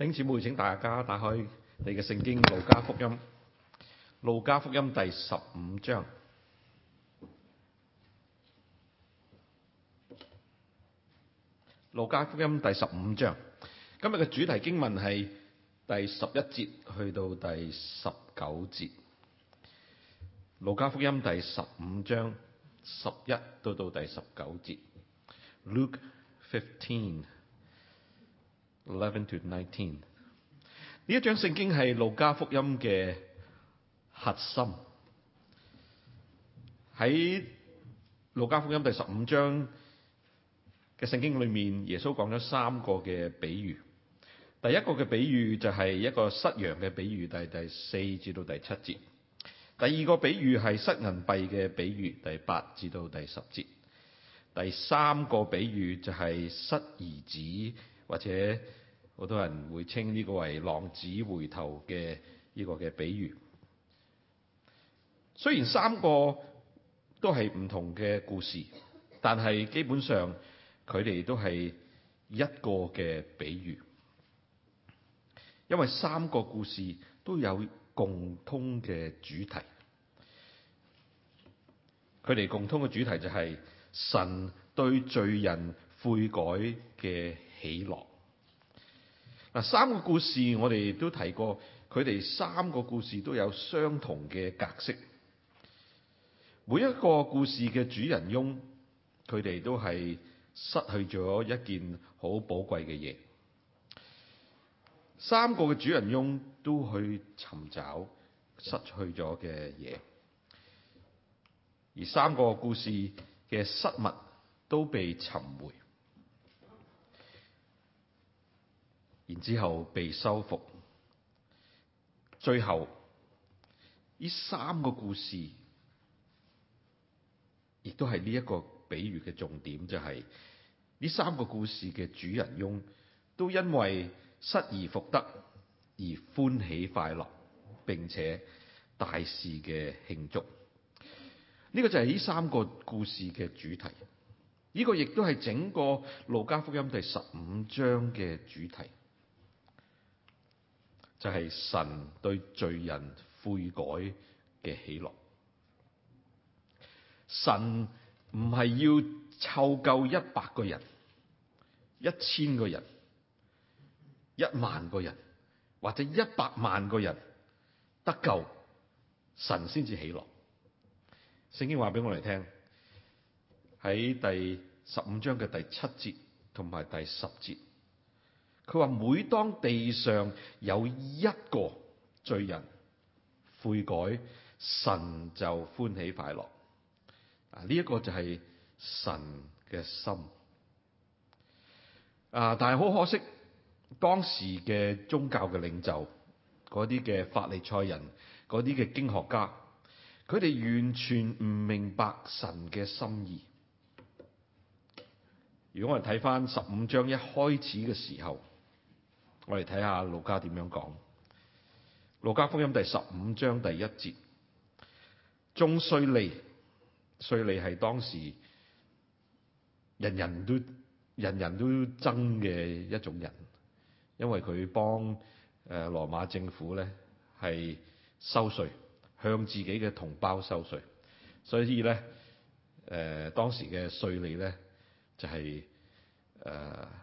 弟兄姊妹，請大家打開你嘅聖經《路加福音》，《路加福音》第十五章，《路加福音》第十五章。今日嘅主題經文係第十一節去到第十九節，《路加福音》第十五章十一到到第十九節。Luke 15。11到19，呢一章聖經係《路加福音》嘅核心。喺《路加福音》第十五章嘅聖經裏面，耶穌講咗三個嘅比喻。第一個嘅比喻就係一個失羊嘅比喻，第第四至到第七節。第二個比喻係失銀幣嘅比喻，第八至到第十節。第三個比喻就係失兒子。或者好多人會稱呢個為浪子回頭嘅呢個嘅比喻。雖然三個都係唔同嘅故事，但係基本上佢哋都係一個嘅比喻，因為三個故事都有共通嘅主題。佢哋共通嘅主題就係、是、神對罪人悔改嘅。喜樂嗱，三個故事我哋都提過，佢哋三個故事都有相同嘅格式。每一個故事嘅主人翁，佢哋都係失去咗一件好寶貴嘅嘢。三個嘅主人翁都去尋找失去咗嘅嘢，而三個故事嘅失物都被尋回。然之後被收復，最後呢三個故事亦都係呢一個比喻嘅重點，就係、是、呢三個故事嘅主人翁都因為失而復得而歡喜快樂，並且大肆嘅慶祝。呢、這個就係呢三個故事嘅主題。呢、這個亦都係整個路加福音第十五章嘅主題。就係神對罪人悔改嘅喜樂。神唔係要湊夠一百個人、一千個人、一萬個人或者一百萬個人得救，神先至喜樂。聖經話俾我哋聽，喺第十五章嘅第七節同埋第十節。佢話每當地上有一個罪人悔改，神就歡喜快樂。啊，呢一個就係神嘅心。啊，但係好可惜，當時嘅宗教嘅領袖，嗰啲嘅法利賽人，嗰啲嘅經學家，佢哋完全唔明白神嘅心意。如果我哋睇翻十五章一開始嘅時候。我哋睇下路加點樣講。路加福音第十五章第一節，中稅吏，稅吏係當時人人都人人都憎嘅一種人，因為佢幫誒羅馬政府咧係收稅，向自己嘅同胞收稅，所以咧誒、呃、當時嘅稅吏咧就係、是、誒。呃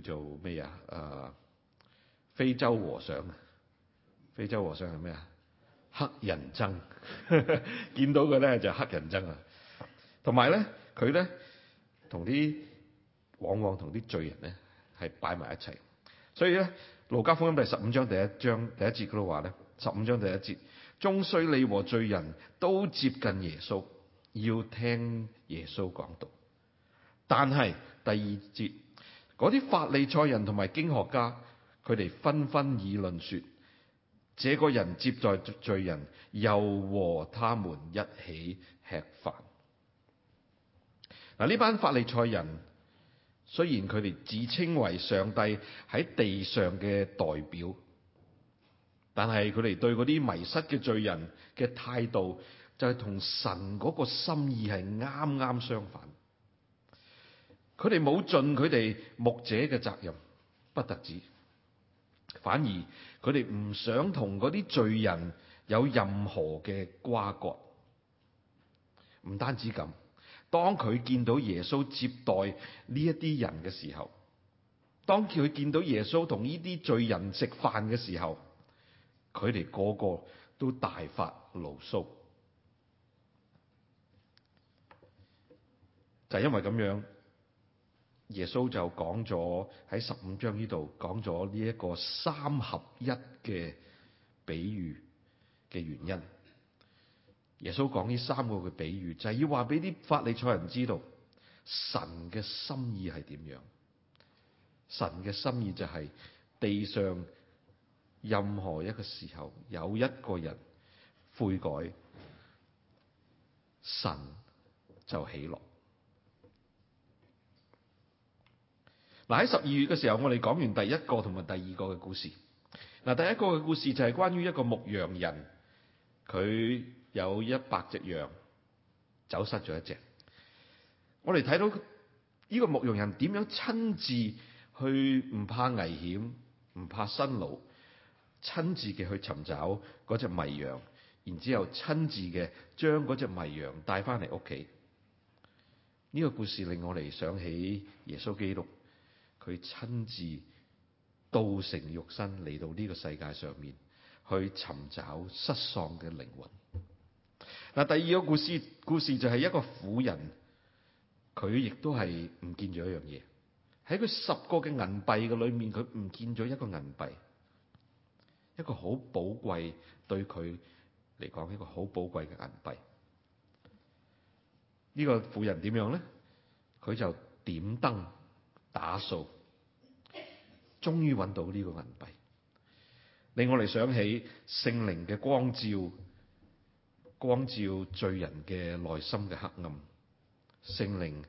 叫做咩啊？誒、呃，非洲和尚啊，非洲和尚係咩啊？黑人憎， 見到嘅咧就是、黑人憎啊。同埋咧，佢咧同啲往往同啲罪人咧係擺埋一齊。所以咧，《路加福音》第十五章第一章第一節，嗰度話咧，十五章第一節眾稅吏和罪人都接近耶穌，要聽耶穌講道。但係第二節。嗰啲法利賽人同埋經學家，佢哋紛紛議論說：這個人接待罪人，又和他們一起吃飯。嗱，呢班法利賽人雖然佢哋自稱為上帝喺地上嘅代表，但係佢哋對嗰啲迷失嘅罪人嘅態度，就係同神嗰個心意係啱啱相反。佢哋冇盡佢哋牧者嘅責任，不得止。反而佢哋唔想同嗰啲罪人有任何嘅瓜葛。唔單止咁，當佢見到耶穌接待呢一啲人嘅時候，當佢見到耶穌同呢啲罪人食飯嘅時候，佢哋個個都大發牢騷。就係因為咁樣。耶穌就講咗喺十五章呢度講咗呢一個三合一嘅比喻嘅原因。耶穌講呢三個嘅比喻就係要話俾啲法利賽人知道神嘅心意係點樣。神嘅心意就係地上任何一個時候有一個人悔改，神就喜樂。嗱，喺十二月嘅時候，我哋講完第一個同埋第二個嘅故事。嗱，第一個嘅故事就係關於一個牧羊人，佢有一百隻羊走失咗一隻。我哋睇到呢個牧羊人點樣親自去唔怕危險，唔怕辛勞，親自嘅去尋找嗰隻迷羊，然之後親自嘅將嗰隻迷羊帶翻嚟屋企。呢個故事令我哋想起耶穌基督。佢親自道成肉身嚟到呢個世界上面，去尋找失喪嘅靈魂。嗱，第二個故事，故事就係一個婦人，佢亦都係唔見咗一樣嘢，喺佢十個嘅銀幣嘅裏面，佢唔見咗一個銀幣，一個好寶貴對佢嚟講一個好寶貴嘅銀幣。這個、婦呢個婦人點樣咧？佢就點燈打掃。終於揾到呢個銀幣，令我哋想起聖靈嘅光照，光照罪人嘅內心嘅黑暗，聖靈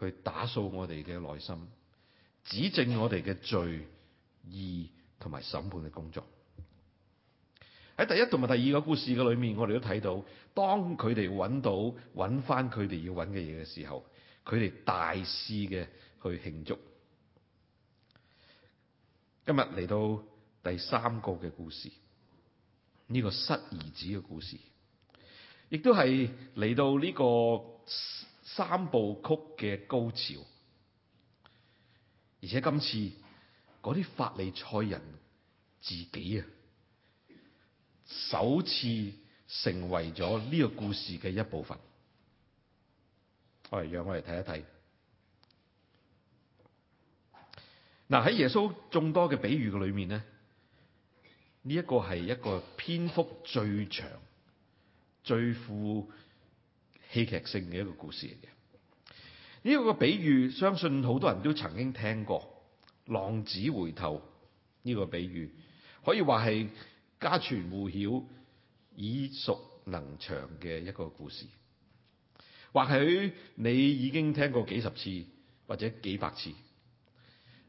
去打掃我哋嘅內心，指正我哋嘅罪、義同埋審判嘅工作。喺第一同埋第二個故事嘅裏面，我哋都睇到，當佢哋揾到揾返佢哋要揾嘅嘢嘅時候，佢哋大肆嘅去慶祝。今日嚟到第三個嘅故事，呢個失兒子嘅故事，亦都係嚟到呢個三部曲嘅高潮，而且今次嗰啲法利賽人自己啊，首次成為咗呢個故事嘅一部分，我嚟，讓我嚟睇一睇。嗱，喺耶穌眾多嘅比喻嘅裏面咧，呢一個係一個篇幅最長、最富戲劇性嘅一個故事嚟嘅。呢個比喻相信好多人都曾經聽過，浪子回頭呢個比喻，可以話係家傳戶曉、耳熟能詳嘅一個故事。或許你已經聽過幾十次或者幾百次。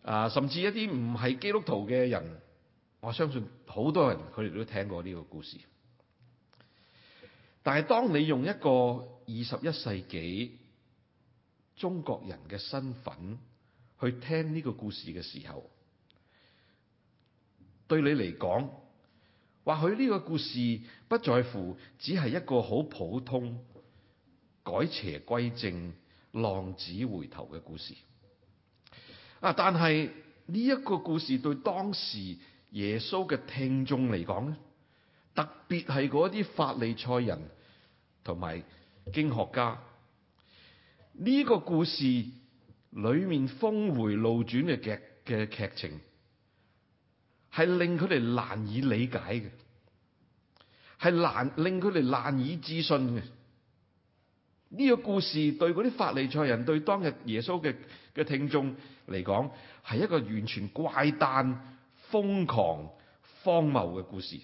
啊，甚至一啲唔係基督徒嘅人，我相信好多人佢哋都聽過呢個故事。但係當你用一個二十一世紀中國人嘅身份去聽呢個故事嘅時候，對你嚟講，或許呢個故事不外乎，只係一個好普通、改邪歸正、浪子回頭嘅故事。啊！但係呢一個故事對當時耶穌嘅聽眾嚟講咧，特別係嗰啲法利賽人同埋經學家，呢個故事裏面峰回路轉嘅劇嘅劇情，係令佢哋難以理解嘅，係難令佢哋難以置信嘅。呢個故事對嗰啲法利賽人對當日耶穌嘅。嘅聽眾嚟講，係一個完全怪誕、瘋狂、荒謬嘅故事，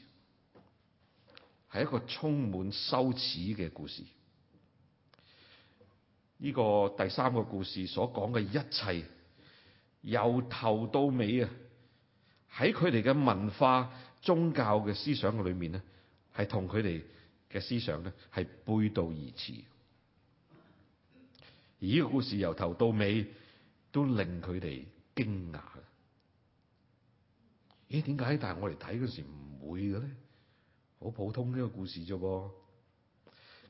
係一個充滿羞恥嘅故事。呢個第三個故事所講嘅一切，由頭到尾啊，喺佢哋嘅文化、宗教嘅思想嘅裏面咧，係同佢哋嘅思想咧係背道而馳。而呢個故事由頭到尾。都令佢哋驚訝嘅。咦？點解？但係我哋睇嗰時唔會嘅咧？好普通呢個故事啫噃。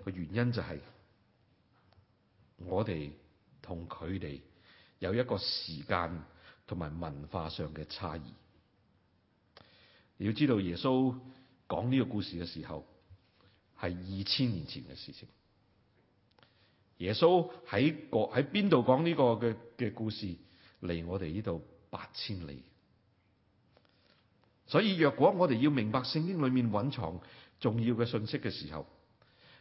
個原因就係、是、我哋同佢哋有一個時間同埋文化上嘅差異。你要知道耶穌講呢個故事嘅時候，係二千年前嘅事情。耶穌喺個喺邊度講呢個嘅嘅故事嚟？離我哋呢度八千里。所以若果我哋要明白聖經裏面蘊藏重要嘅信息嘅時候，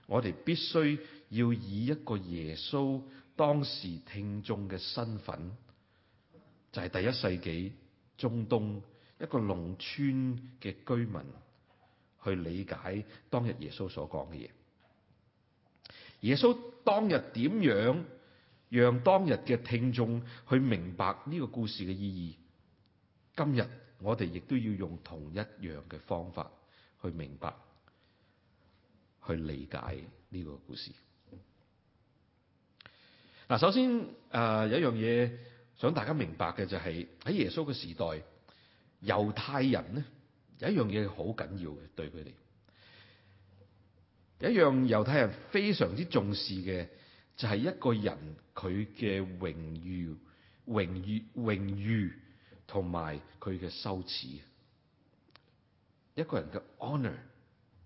我哋必須要以一個耶穌當時聽眾嘅身份，就係第一世紀中東一個農村嘅居民，去理解當日耶穌所講嘅嘢。耶穌當日點樣讓當日嘅聽眾去明白呢個故事嘅意義？今日我哋亦都要用同一樣嘅方法去明白、去理解呢個故事。嗱，首先誒有一樣嘢想大家明白嘅就係，喺耶穌嘅時代，猶太人咧有一樣嘢好緊要嘅對佢哋。一樣猶太人非常之重視嘅，就係一個人佢嘅榮譽、榮譽、榮譽同埋佢嘅羞恥。一個人嘅 honor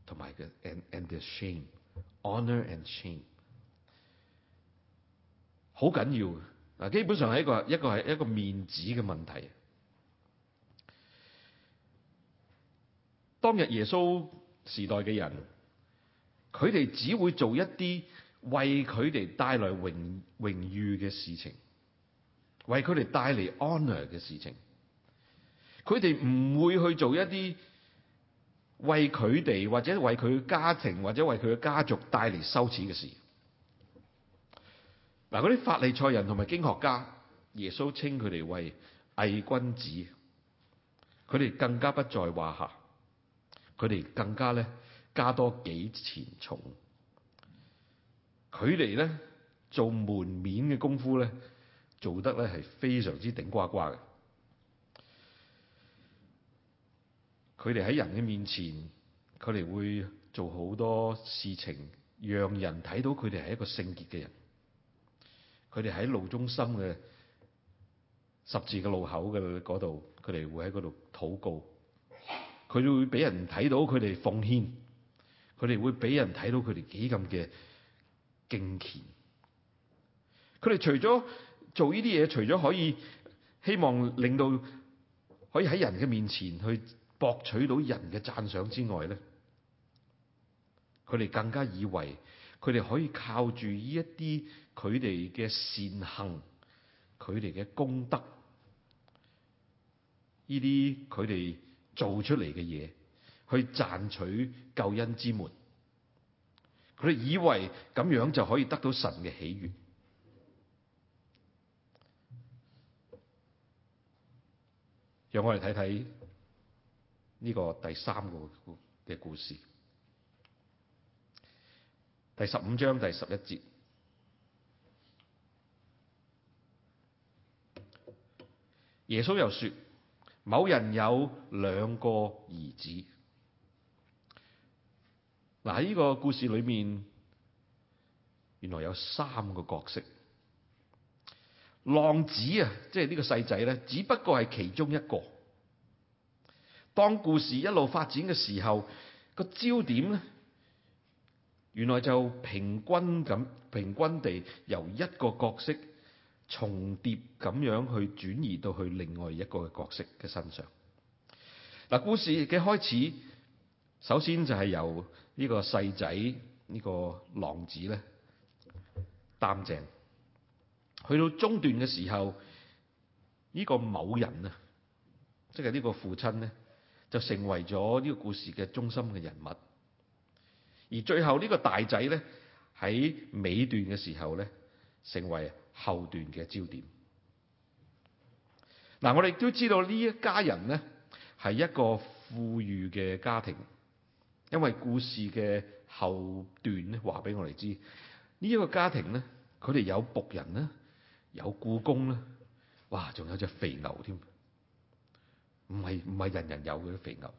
同埋嘅 and and the shame，honor and shame，好緊要嘅。嗱，基本上係一個一個係一個面子嘅問題。當日耶穌時代嘅人。佢哋只會做一啲為佢哋帶來榮榮譽嘅事情，為佢哋帶嚟 honour 嘅事情。佢哋唔會去做一啲為佢哋或者為佢嘅家庭或者為佢嘅家族帶嚟羞恥嘅事。嗱，嗰啲法利賽人同埋經學家，耶穌稱佢哋為偽君子，佢哋更加不在話下，佢哋更加咧。加多幾錢重？佢哋咧做門面嘅功夫咧，做得咧係非常之頂呱呱嘅。佢哋喺人嘅面前，佢哋會做好多事情，讓人睇到佢哋係一個聖潔嘅人。佢哋喺路中心嘅十字嘅路口嘅嗰度，佢哋會喺嗰度禱告。佢哋會俾人睇到佢哋奉獻。佢哋會俾人睇到佢哋幾咁嘅敬虔。佢哋除咗做呢啲嘢，除咗可以希望令到可以喺人嘅面前去博取到人嘅讚賞之外咧，佢哋更加以為佢哋可以靠住呢一啲佢哋嘅善行、佢哋嘅功德、呢啲佢哋做出嚟嘅嘢，去賺取救恩之門，佢哋以為咁樣就可以得到神嘅喜悅。讓我哋睇睇呢個第三個嘅故事，第十五章第十一節，耶穌又說：某人有兩個兒子。嗱，喺呢個故事裏面，原來有三個角色，浪子啊，即係呢個細仔咧，只不過係其中一個。當故事一路發展嘅時候，個焦點咧，原來就平均咁，平均地由一個角色重疊咁樣去轉移到去另外一個角色嘅身上。嗱，故事嘅開始，首先就係由呢個細仔，呢個浪子咧擔正，去到中段嘅時候，呢個某人啊，即係呢個父親咧，就成為咗呢個故事嘅中心嘅人物。而最後呢個大仔咧，喺尾段嘅時候咧，成為後段嘅焦點。嗱，我哋都知道呢一家人咧，係一個富裕嘅家庭。因為故事嘅後段咧，話俾我哋知，呢一個家庭咧，佢哋有僕人啦，有僱工啦。哇，仲有隻肥牛添，唔係唔係人人有嘅肥牛。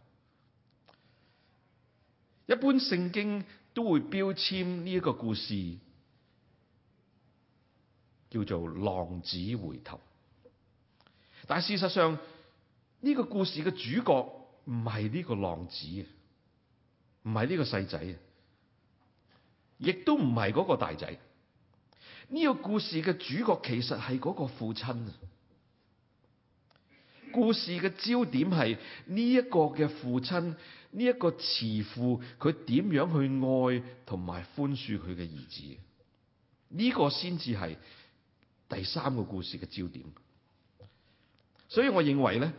一般聖經都會標籤呢一個故事叫做浪子回頭，但係事實上呢個故事嘅主角唔係呢個浪子啊。唔係呢個細仔，亦都唔係嗰個大仔。呢個故事嘅主角其實係嗰個父親啊！故事嘅焦點係呢一個嘅父親，呢一個慈父，佢點樣去愛同埋寬恕佢嘅兒子？呢個先至係第三個故事嘅焦點。所以我認為咧，《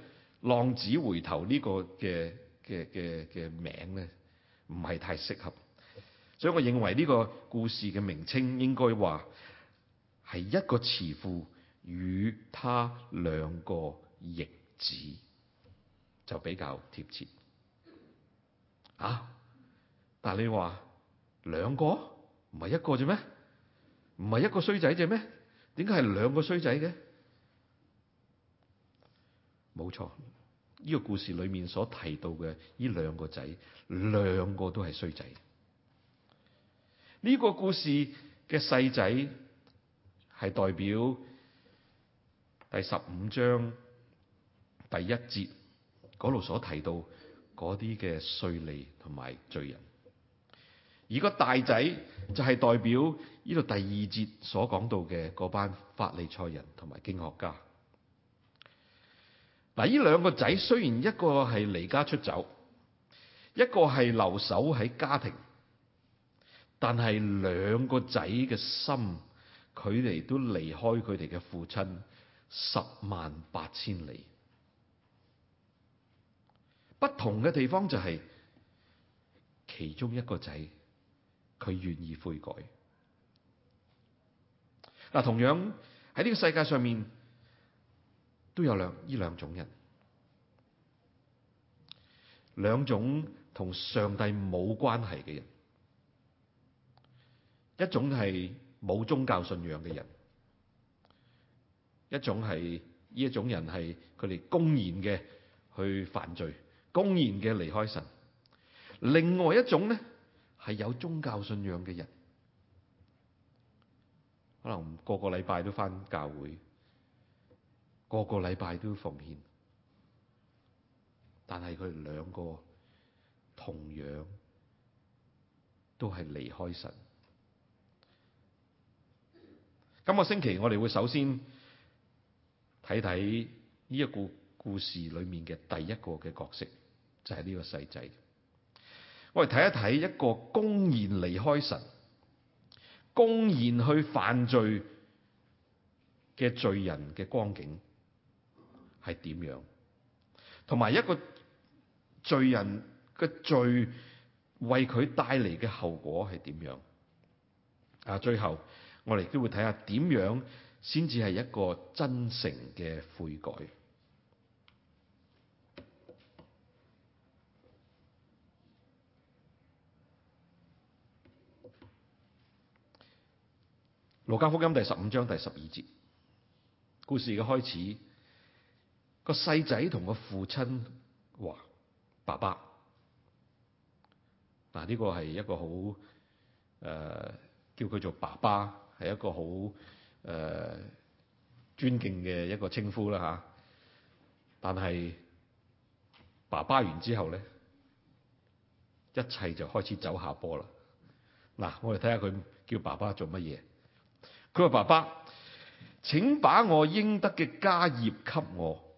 浪子回頭》呢個嘅嘅嘅嘅名咧。唔係太適合，所以我認為呢個故事嘅名稱應該話係一個慈父與他兩個逆子，就比較貼切。啊！但係你話兩個唔係一個啫咩？唔係一個衰仔啫咩？點解係兩個衰仔嘅？冇錯。呢個故事裏面所提到嘅呢兩個仔，兩個都係衰仔。呢、這個故事嘅細仔係代表第十五章第一節度所提到啲嘅稅吏同埋罪人，而個大仔就係代表呢度第二節所講到嘅班法利賽人同埋經學家。嗱，呢兩個仔雖然一個係離家出走，一個係留守喺家庭，但係兩個仔嘅心，佢哋都離開佢哋嘅父親十萬八千里。不同嘅地方就係，其中一個仔，佢願意悔改。嗱，同樣喺呢個世界上面。都有兩呢兩種人，兩種同上帝冇關係嘅人，一種係冇宗教信仰嘅人，一種係呢一種人係佢哋公然嘅去犯罪，公然嘅離開神。另外一種咧係有宗教信仰嘅人，可能個個禮拜都返教會，個個禮拜都奉獻，但係佢哋兩個同樣都係離開神。今個星期我哋會首先睇睇呢一個故事裏面嘅第一個嘅角色，就係呢個細仔。我哋睇一睇一個公然離開神、公然去犯罪嘅罪人嘅光景。係點樣？同埋一個罪人嘅罪為佢帶嚟嘅後果係點樣？啊，最後我哋都會睇下點樣先至係一個真誠嘅悔改。《路加福音》第十五章第十二節，故事嘅開始。個細仔同個父親話：爸爸嗱，呢個係一個好誒、呃，叫佢做爸爸係一個好誒、呃、尊敬嘅一個稱呼啦。吓、啊，但係爸爸完之後咧，一切就開始走下坡啦。嗱、啊，我哋睇下佢叫爸爸做乜嘢？佢話：爸爸，請把我應得嘅家業給我。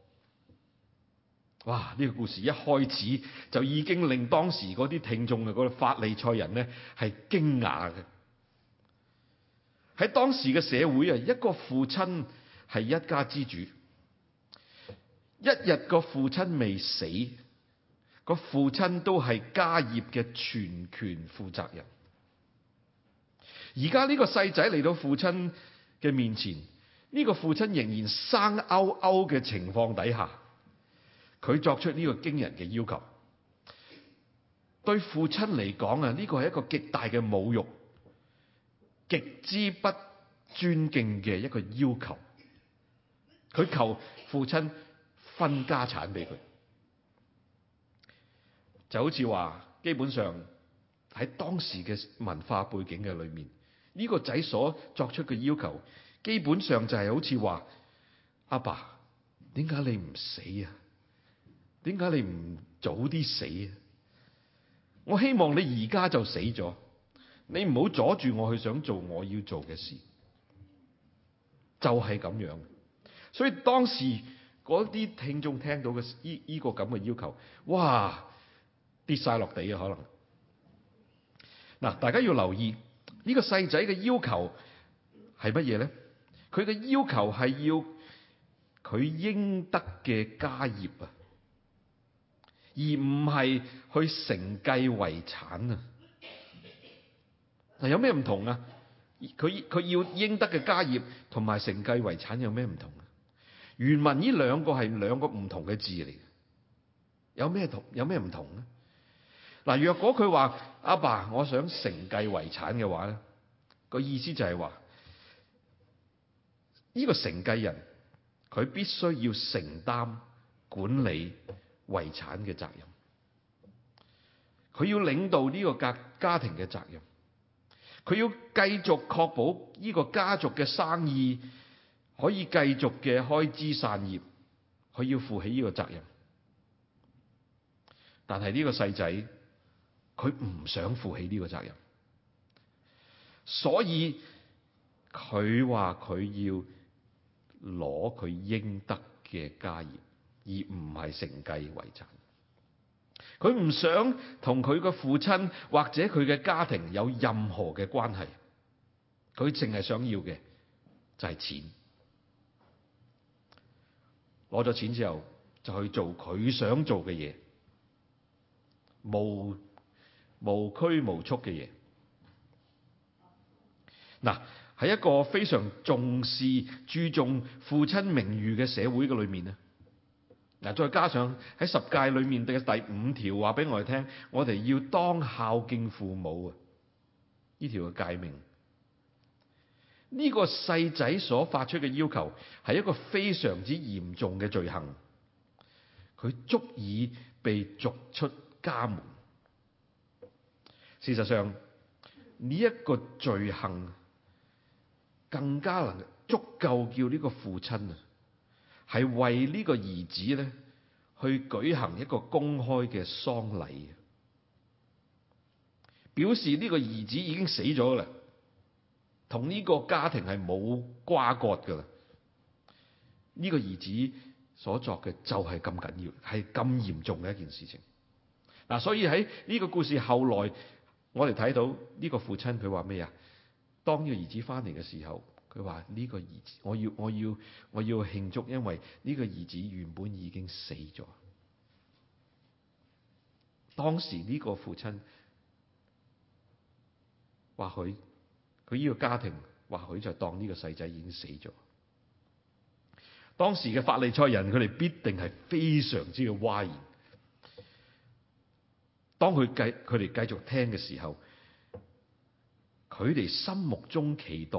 哇！呢、這個故事一開始就已經令當時嗰啲聽眾嘅個法利賽人呢係驚訝嘅。喺當時嘅社會啊，一個父親係一家之主，一日個父親未死，個父親都係家業嘅全權負責人。而家呢個細仔嚟到父親嘅面前，呢、這個父親仍然生勾勾嘅情況底下，佢作出呢個驚人嘅要求，對父親嚟講啊，呢個係一個極大嘅侮辱，極之不尊敬嘅一個要求。佢求父親分家產俾佢，就好似話，基本上喺當時嘅文化背景嘅裏面，呢個仔所作出嘅要求，基本上就係好似話阿爸，點解你唔死啊？點解你唔早啲死？我希望你而家就死咗，你唔好阻住我去想做我要做嘅事，就係咁樣。所以當時嗰啲聽眾聽到嘅依依個咁嘅要求，哇跌晒落地啊！可能嗱，大家要留意呢個細仔嘅要求係乜嘢咧？佢嘅要求係要佢應得嘅家業啊！而唔係去承繼遺產啊？嗱，有咩唔同啊？佢佢要應得嘅家業同埋承繼遺產有咩唔同啊？原文呢兩個係兩個唔同嘅字嚟嘅，有咩同？有咩唔同咧？嗱，若果佢話阿爸，我想承繼遺產嘅話咧，個意思就係話呢個承繼人佢必須要承擔管理。遺產嘅責任，佢要領導呢個家家庭嘅責任，佢要繼續確保呢個家族嘅生意可以繼續嘅開枝散葉，佢要負起呢個責任。但係呢個細仔，佢唔想負起呢個責任，所以佢話佢要攞佢應得嘅家業。而唔係承繼遺產，佢唔想同佢嘅父親或者佢嘅家庭有任何嘅關係，佢淨係想要嘅就係錢。攞咗錢之後就去做佢想做嘅嘢，無無拘無束嘅嘢。嗱，喺一個非常重視、注重父親名譽嘅社會嘅裏面咧。嗱，再加上喺十誡裏面嘅第五條話俾我哋聽，我哋要當孝敬父母啊！呢條嘅誡命，呢、這個細仔所發出嘅要求係一個非常之嚴重嘅罪行，佢足以被逐出家門。事實上，呢、這、一個罪行更加能足夠叫呢個父親啊！係為呢個兒子咧，去舉行一個公開嘅喪禮，表示呢個兒子已經死咗噶啦，同呢個家庭係冇瓜葛噶啦。呢個兒子所作嘅就係咁緊要，係咁嚴重嘅一件事情。嗱，所以喺呢個故事後來，我哋睇到呢個父親佢話咩啊？當呢個兒子翻嚟嘅時候。佢話呢個兒子，我要我要我要慶祝，因為呢個兒子原本已經死咗。當時呢個父親，或許佢呢個家庭，或許就當呢個細仔已經死咗。當時嘅法利賽人，佢哋必定係非常之嘅歪。當佢繼佢哋繼續聽嘅時候，佢哋心目中期待。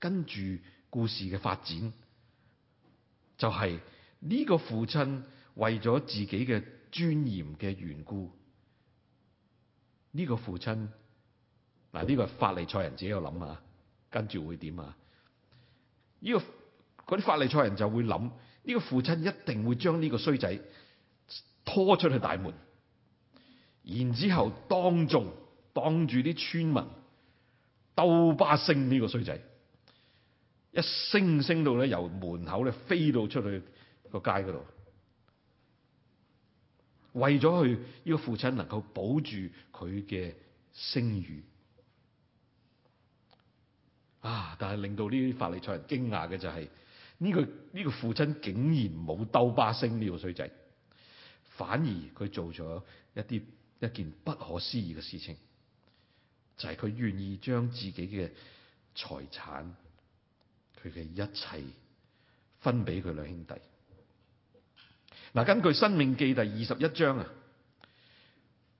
跟住故事嘅發展，就係、是、呢個父親為咗自己嘅尊嚴嘅緣故，呢、這個父親嗱呢、這個係法利賽人自己度諗啊，跟住會點啊？呢、這個啲法利賽人就會諗呢、這個父親一定會將呢個衰仔拖出去大門。然之後當眾當住啲村民兜巴星呢個衰仔。一聲聲到咧，由門口咧飛到出去個街嗰度，為咗佢呢個父親能夠保住佢嘅聲譽啊！但係令到呢啲法利賽人驚訝嘅就係呢個呢個父親竟然冇兜巴聲呢個衰仔，反而佢做咗一啲一件不可思議嘅事情，就係佢願意將自己嘅財產，佢嘅一切分俾佢兩兄弟。嗱，根據《申命記》第二十一章啊，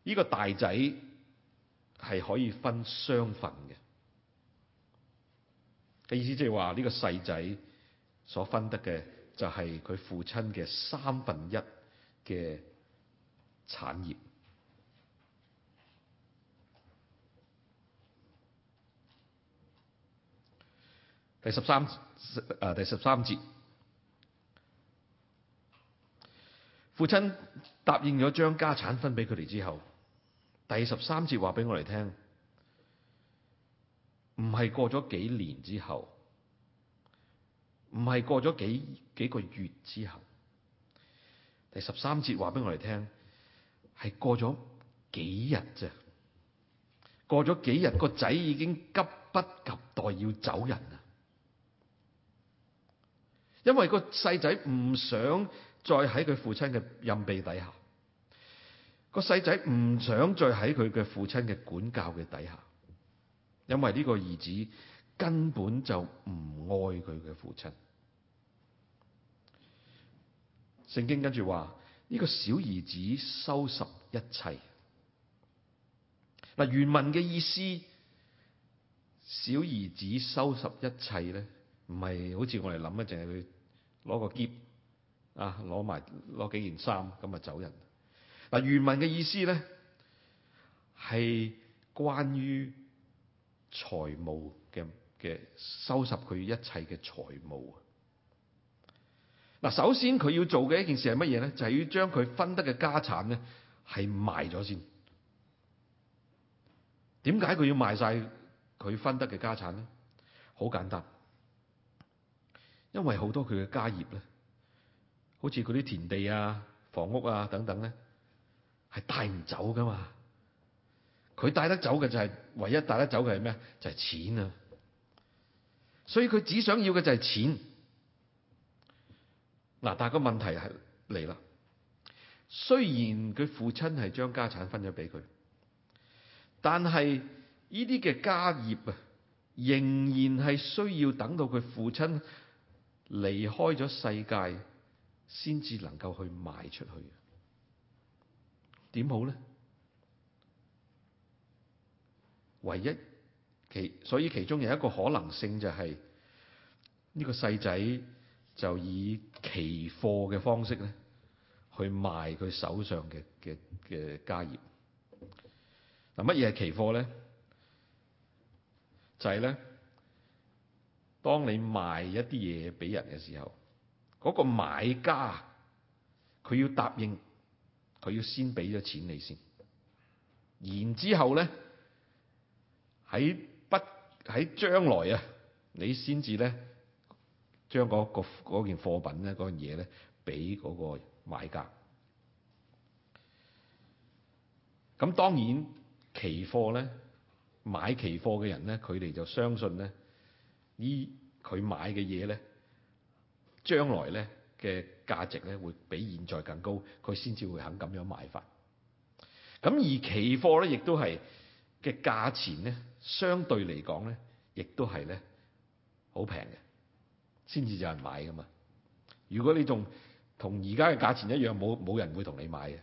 呢個大仔係可以分雙份嘅。嘅意思即係話呢個細仔所分得嘅就係佢父親嘅三分一嘅產業。第十三誒，第十三節，父親答應咗將家產分俾佢哋之後，第十三節話俾我哋聽，唔係過咗幾年之後，唔係過咗幾幾個月之後，第十三節話俾我哋聽，係過咗幾日啫，過咗幾日個仔已經急不及待要走人啦。因為個細仔唔想再喺佢父親嘅任庇底下，個細仔唔想再喺佢嘅父親嘅管教嘅底下，因為呢個兒子根本就唔愛佢嘅父親。聖經跟住話：呢個小兒子收拾一切。嗱，原文嘅意思，小兒子收拾一切咧。唔係好似我哋諗咧，淨係去攞個篋啊，攞埋攞幾件衫咁啊，走人。嗱，原文嘅意思咧，係關於財務嘅嘅，收拾佢一切嘅財務。啊。嗱，首先佢要做嘅一件事係乜嘢咧？就係、是、要將佢分得嘅家產咧，係賣咗先。點解佢要賣晒佢分得嘅家產咧？好簡單。因為好多佢嘅家業咧，好似佢啲田地啊、房屋啊等等咧，係帶唔走噶嘛。佢帶得走嘅就係、是、唯一帶得走嘅係咩？就係、是、錢啊！所以佢只想要嘅就係錢嗱，但係個問題係嚟啦。雖然佢父親係將家產分咗俾佢，但係呢啲嘅家業啊，仍然係需要等到佢父親。離開咗世界，先至能夠去賣出去。點好咧？唯一其所以其中有一個可能性就係呢個細仔就以期貨嘅方式咧去賣佢手上嘅嘅嘅家業。嗱，乜嘢係期貨咧？就係咧。當你賣一啲嘢俾人嘅時候，嗰個買家佢要答應，佢要先俾咗錢你先，然之後咧喺不喺將來啊，你先至咧將嗰件貨品咧嗰樣嘢咧俾嗰個買家。咁當然期貨咧，買期貨嘅人咧，佢哋就相信咧。呢佢買嘅嘢咧，將來咧嘅價值咧會比現在更高，佢先至會肯咁樣買法。咁而期貨咧，亦都係嘅價錢咧，相對嚟講咧，亦都係咧好平嘅，先至有人買噶嘛。如果你仲同而家嘅價錢一樣，冇冇人會同你買嘅。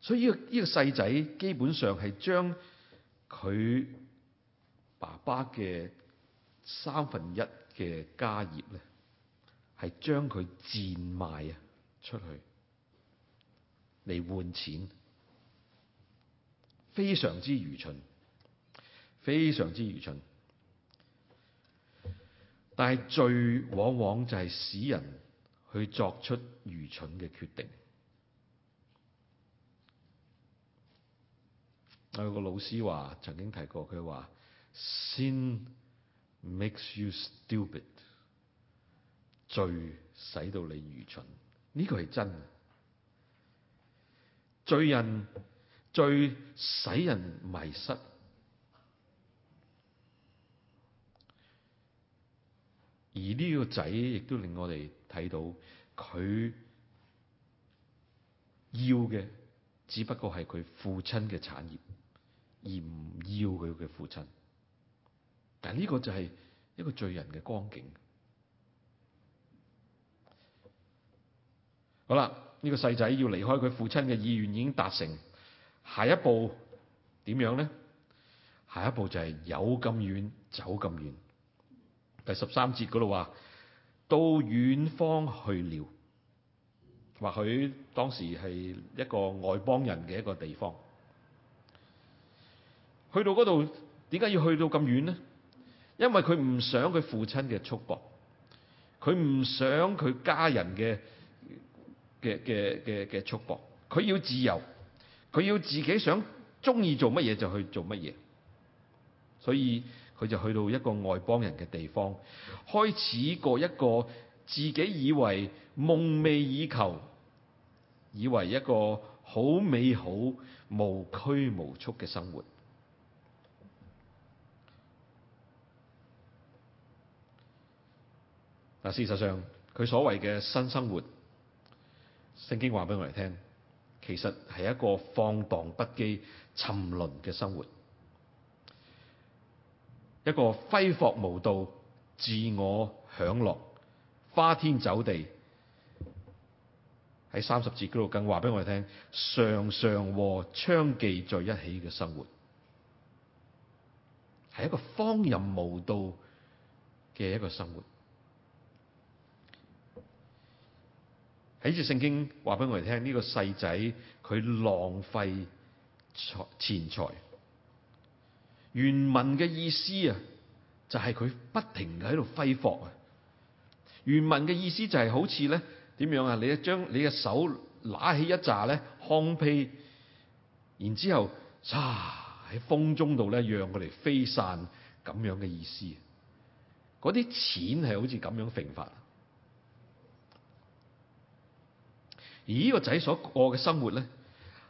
所以呢個呢個細仔基本上係將佢爸爸嘅三分一嘅家業咧，係將佢賤賣啊出去嚟換錢，非常之愚蠢，非常之愚蠢。但係最往往就係使人去作出愚蠢嘅決定。我有個老師話曾經提過佢話。Sin makes you stupid，罪使到你愚蠢，呢個係真嘅罪人，罪使人迷失。而呢個仔亦都令我哋睇到，佢要嘅只不過係佢父親嘅產業，而唔要佢嘅父親。但呢個就係一個罪人嘅光景。好啦，呢個細仔要離開佢父親嘅意願已經達成，下一步點樣咧？下一步就係有咁遠走咁遠。第十三節嗰度話到遠方去了，或許當時係一個外邦人嘅一個地方。去到嗰度，點解要去到咁遠咧？因為佢唔想佢父親嘅束縛，佢唔想佢家人嘅嘅嘅嘅嘅束縛，佢要自由，佢要自己想鍾意做乜嘢就去做乜嘢，所以佢就去到一個外邦人嘅地方，開始過一個自己以為夢寐以求、以為一個好美好、無拘無束嘅生活。但事實上，佢所謂嘅新生活，聖經話俾我哋聽，其實係一個放蕩不羈、沉淪嘅生活，一個揮霍無度、自我享樂、花天酒地。喺三十節嗰度更話俾我哋聽，常常和娼妓在一起嘅生活，係一個荒淫無道嘅一個生活。喺住聖經話俾我哋聽，呢個細仔佢浪費財錢財。原文嘅意思啊，就係佢不停喺度揮霍啊。原文嘅意思就係好似咧，點樣啊？你一將你嘅手拿起一揸咧，康披，然之後，擦喺風中度咧，讓佢哋飛散，咁樣嘅意思。嗰啲錢係好似咁樣饋權法。而呢個仔所過嘅生活咧，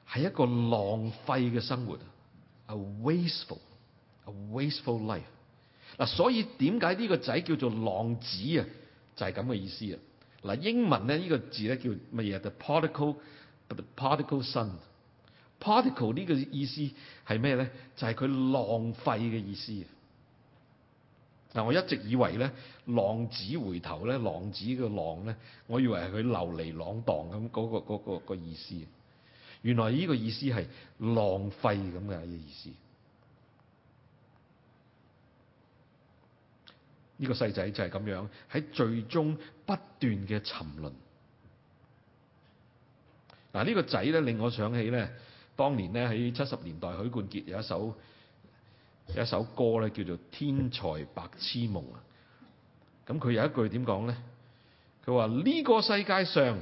係一個浪費嘅生活，a wasteful，a wasteful life。嗱，所以點解呢個仔叫做浪子啊？就係咁嘅意思啊！嗱，英文咧呢個字咧叫乜嘢？The particle，the particle son。particle 呢個意思係咩咧？就係佢浪費嘅意思。啊。嗱，我一直以為咧浪子回頭咧浪子嘅浪咧，我以為係佢流離浪蕩咁嗰、嗰個嗰、嗰個嗰個個、意思。原來呢個意思係浪費咁嘅意思。呢、呢個細仔就係咁樣喺最終不斷嘅沉淪。嗱、啊，呢個、呢個仔咧令我想起咧，當年咧喺七十年代許冠傑有一首。有一首歌咧，叫做《天才白痴夢》啊。咁、嗯、佢有一句點講咧？佢話呢個世界上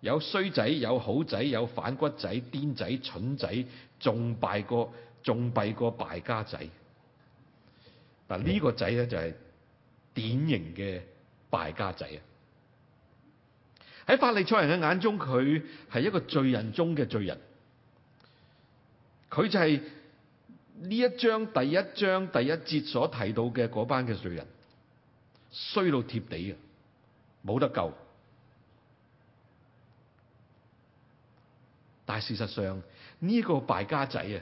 有衰仔、有好仔、有反骨仔、癲仔、仔、蠢仔，仲敗過、仲弊過敗家仔。但呢個仔咧就係典型嘅敗家仔啊！喺法利賽人嘅眼中，佢係一個罪人中嘅罪人。佢就係、是。呢一章第一章第一節所提到嘅嗰班嘅罪人，衰到貼地嘅，冇得救。但係事實上呢個敗家仔啊，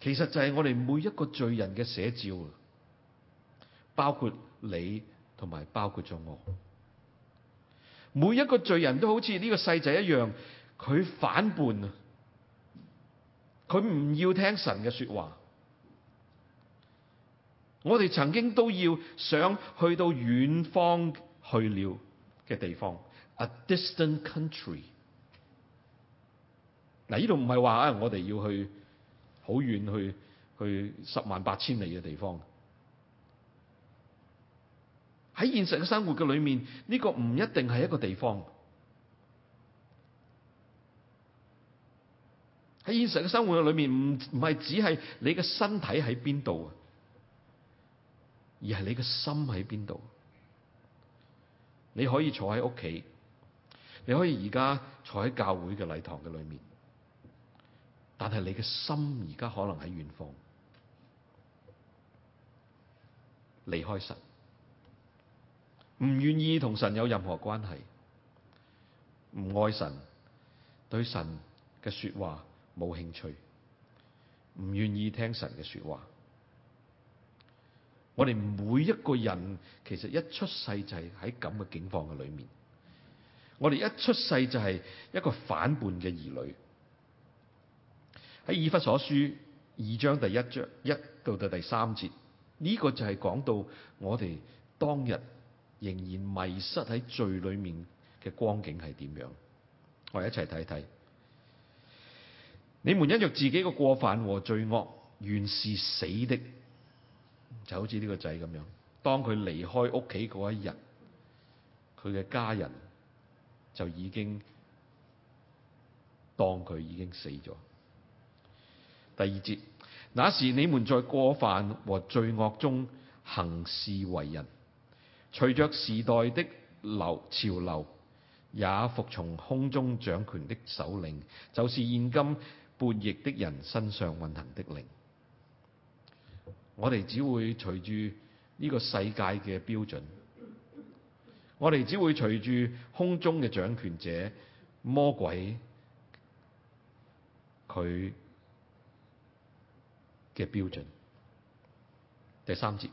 其實就係我哋每一個罪人嘅寫照，包括你同埋包括咗我，每一個罪人都好似呢個細仔一樣，佢反叛啊！佢唔要聽神嘅說話。我哋曾經都要想去到遠方去了嘅地方，a distant country。嗱，呢度唔係話啊，我哋要去好遠去去十萬八千里嘅地方。喺現實嘅生活嘅裏面，呢個唔一定係一個地方。喺現實嘅生活嘅裏面，唔唔係只係你嘅身體喺邊度啊，而係你嘅心喺邊度。你可以坐喺屋企，你可以而家坐喺教會嘅禮堂嘅裏面，但係你嘅心而家可能喺遠方，離開神，唔願意同神有任何關係，唔愛神，對神嘅說話。冇興趣，唔願意聽神嘅說話。我哋每一個人其實一出世就係喺咁嘅境況嘅裏面，我哋一出世就係一個反叛嘅兒女。喺以弗所書二章第一章一到到第三節，呢個就係講到我哋當日仍然迷失喺罪裏面嘅光景係點樣。我哋一齊睇睇。你們因着自己嘅過犯和罪惡，原是死的，就好似呢個仔咁樣。當佢離開屋企嗰一日，佢嘅家人就已經當佢已經死咗。第二節，那時你們在過犯和罪惡中行事為人，隨着時代的流潮流，也服從空中掌權的首領，就是現今。叛逆的人身上運行的靈，我哋只會隨住呢個世界嘅標準，我哋只會隨住空中嘅掌權者魔鬼佢嘅標準。第三節，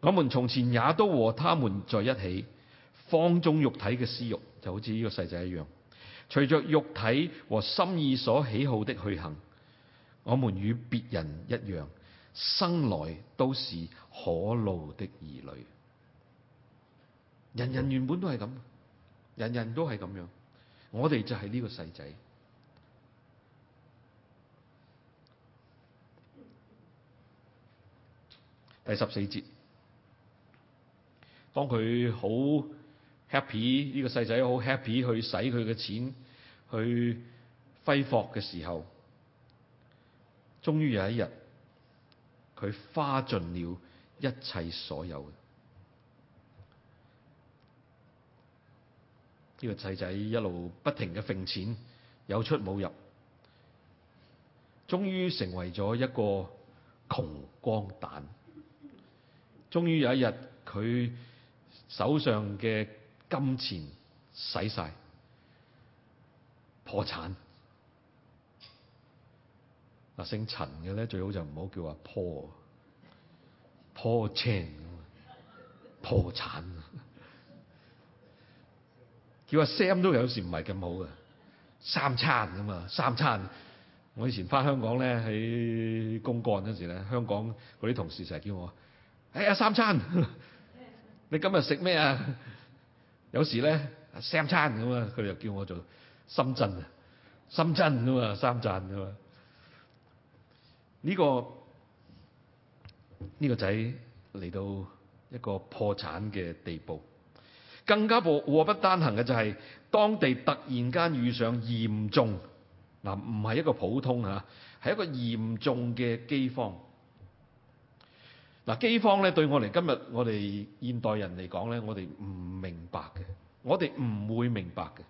我們從前也都和他們在一起，放縱肉體嘅私欲，就好似呢個細仔一樣。隨着肉體和心意所喜好的去行，我們與別人一樣，生來都是可怒的兒女。人人原本都係咁，人人都係咁樣。我哋就係呢個細仔。第十四節，當佢好。happy 呢個細仔好 happy 去使佢嘅錢去揮霍嘅時候，終於有一日佢花盡了一切所有。呢個細仔一路不停嘅揈錢，有出冇入，終於成為咗一個窮光蛋。終於有一日佢手上嘅金錢使晒，破產嗱、啊，姓陳嘅咧最好就唔好叫阿 Paul Paul Chan 破產，叫阿 Sam 都有時唔係咁好嘅，三餐咁啊，三餐。我以前翻香港咧喺公幹嗰陣時咧，香港嗰啲同事成日叫我：哎、hey, 呀三餐，你今日食咩啊？有時咧 Sam Chan 咁啊，佢又叫我做深圳啊，深圳咁啊，三讚咁嘛。呢、這個呢、這個仔嚟到一個破產嘅地步，更加禍禍不單行嘅就係、是、當地突然間遇上嚴重嗱，唔係一個普通吓，係一個嚴重嘅饑荒。嗱，饑荒咧對我哋今日我哋現代人嚟講咧，我哋唔明白嘅，我哋唔會明白嘅。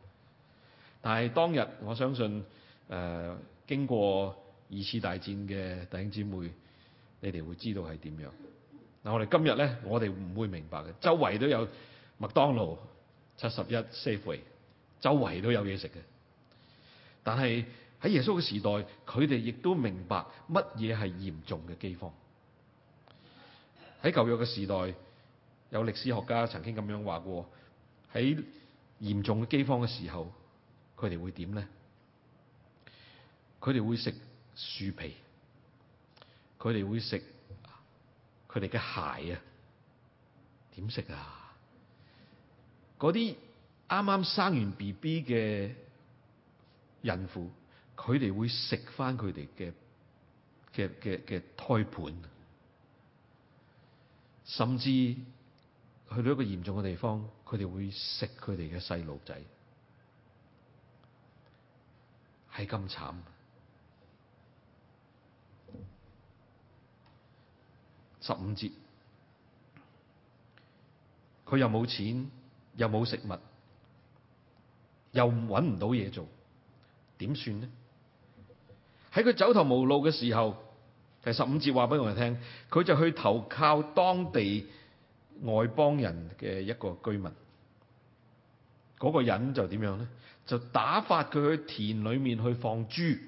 但係當日我相信，誒、呃，經過二次大戰嘅弟兄姊妹，你哋會知道係點樣。嗱，我哋今日咧，我哋唔會明白嘅。周圍都有麥當勞、七十一、Safeway，周圍都有嘢食嘅。但係喺耶穌嘅時代，佢哋亦都明白乜嘢係嚴重嘅饑荒。喺舊約嘅時代，有歷史學家曾經咁樣話過：喺嚴重嘅饑荒嘅時候，佢哋會點咧？佢哋會食樹皮，佢哋會食佢哋嘅鞋啊。點食啊？嗰啲啱啱生完 BB 嘅孕婦，佢哋會食翻佢哋嘅嘅嘅嘅胎盤。甚至去到一個嚴重嘅地方，佢哋會食佢哋嘅細路仔，係咁慘。十五節，佢又冇錢，又冇食物，又揾唔到嘢做，點算呢？喺佢走投無路嘅時候。第十五節話俾我哋聽，佢就去投靠當地外邦人嘅一個居民，嗰、那個人就點樣咧？就打發佢去田裏面去放豬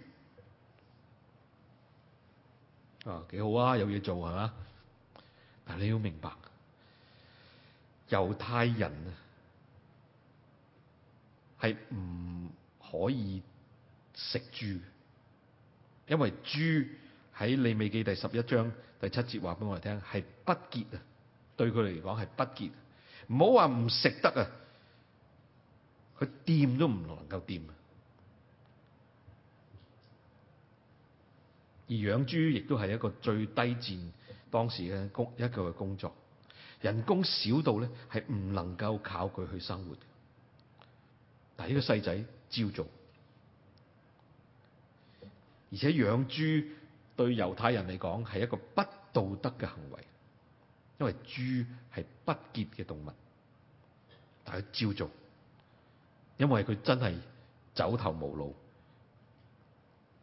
啊，幾好啊，有嘢做係、啊、嘛？但你要明白，猶太人係唔可以食豬，因為豬。喺利未記第十一章第七節話俾我哋聽，係不潔啊！對佢嚟講係不潔，唔好話唔食得啊！佢掂都唔能夠掂。而養豬亦都係一個最低賤，當時嘅工一個嘅工作，人工少到咧係唔能夠靠佢去生活。但係呢個細仔照做，而且養豬。對猶太人嚟講係一個不道德嘅行為，因為豬係不潔嘅動物，但係照做，因為佢真係走投無路。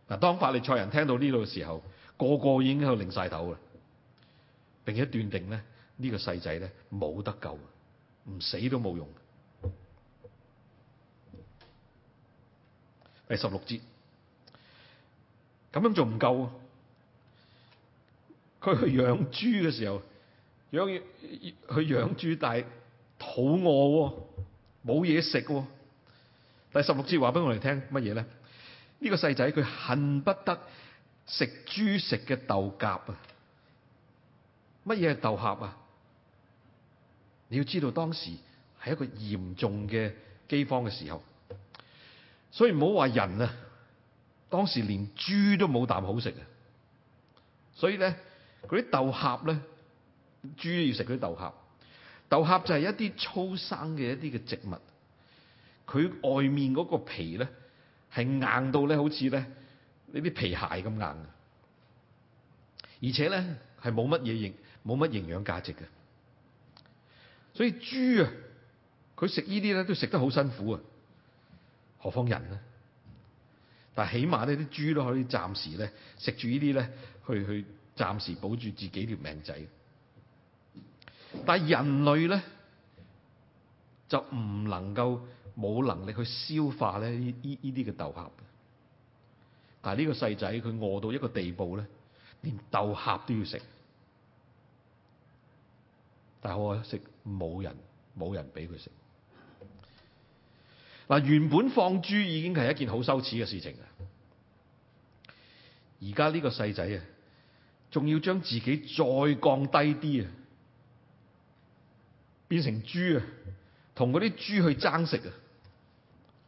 嗱，當法利賽人聽到呢度嘅時候，個個已經喺度擰晒頭啦，並且斷定咧呢個細仔咧冇得救，唔死都冇用。第十六節，咁樣仲唔夠。佢去養豬嘅時候，養佢養豬，但係肚餓喎，冇嘢食喎。第十六節話俾我哋聽乜嘢咧？呢個細仔佢恨不得食豬食嘅豆莢啊！乜嘢係豆莢啊？你要知道當時係一個嚴重嘅饑荒嘅時候，所以唔好話人啊，當時連豬都冇啖好食啊！所以咧。嗰啲豆殼咧，豬要食嗰啲豆殼。豆殼就係一啲粗生嘅一啲嘅植物，佢外面嗰個皮咧係硬到咧，好似咧呢啲皮鞋咁硬。而且咧係冇乜嘢營冇乜營養價值嘅。所以豬啊，佢食呢啲咧都食得好辛苦啊。何況人咧？但係起碼呢啲豬都可以暫時咧食住呢啲咧去去。去暫時保住自己條命仔，但係人類咧就唔能夠冇能力去消化咧呢呢啲嘅豆殼。但係呢個細仔佢餓到一個地步咧，連豆殼都要食，但係我食冇人冇人俾佢食。嗱，原本放豬已經係一件好羞恥嘅事情啊！而家呢個細仔啊～仲要將自己再降低啲啊，變成豬啊，同嗰啲豬去爭食啊！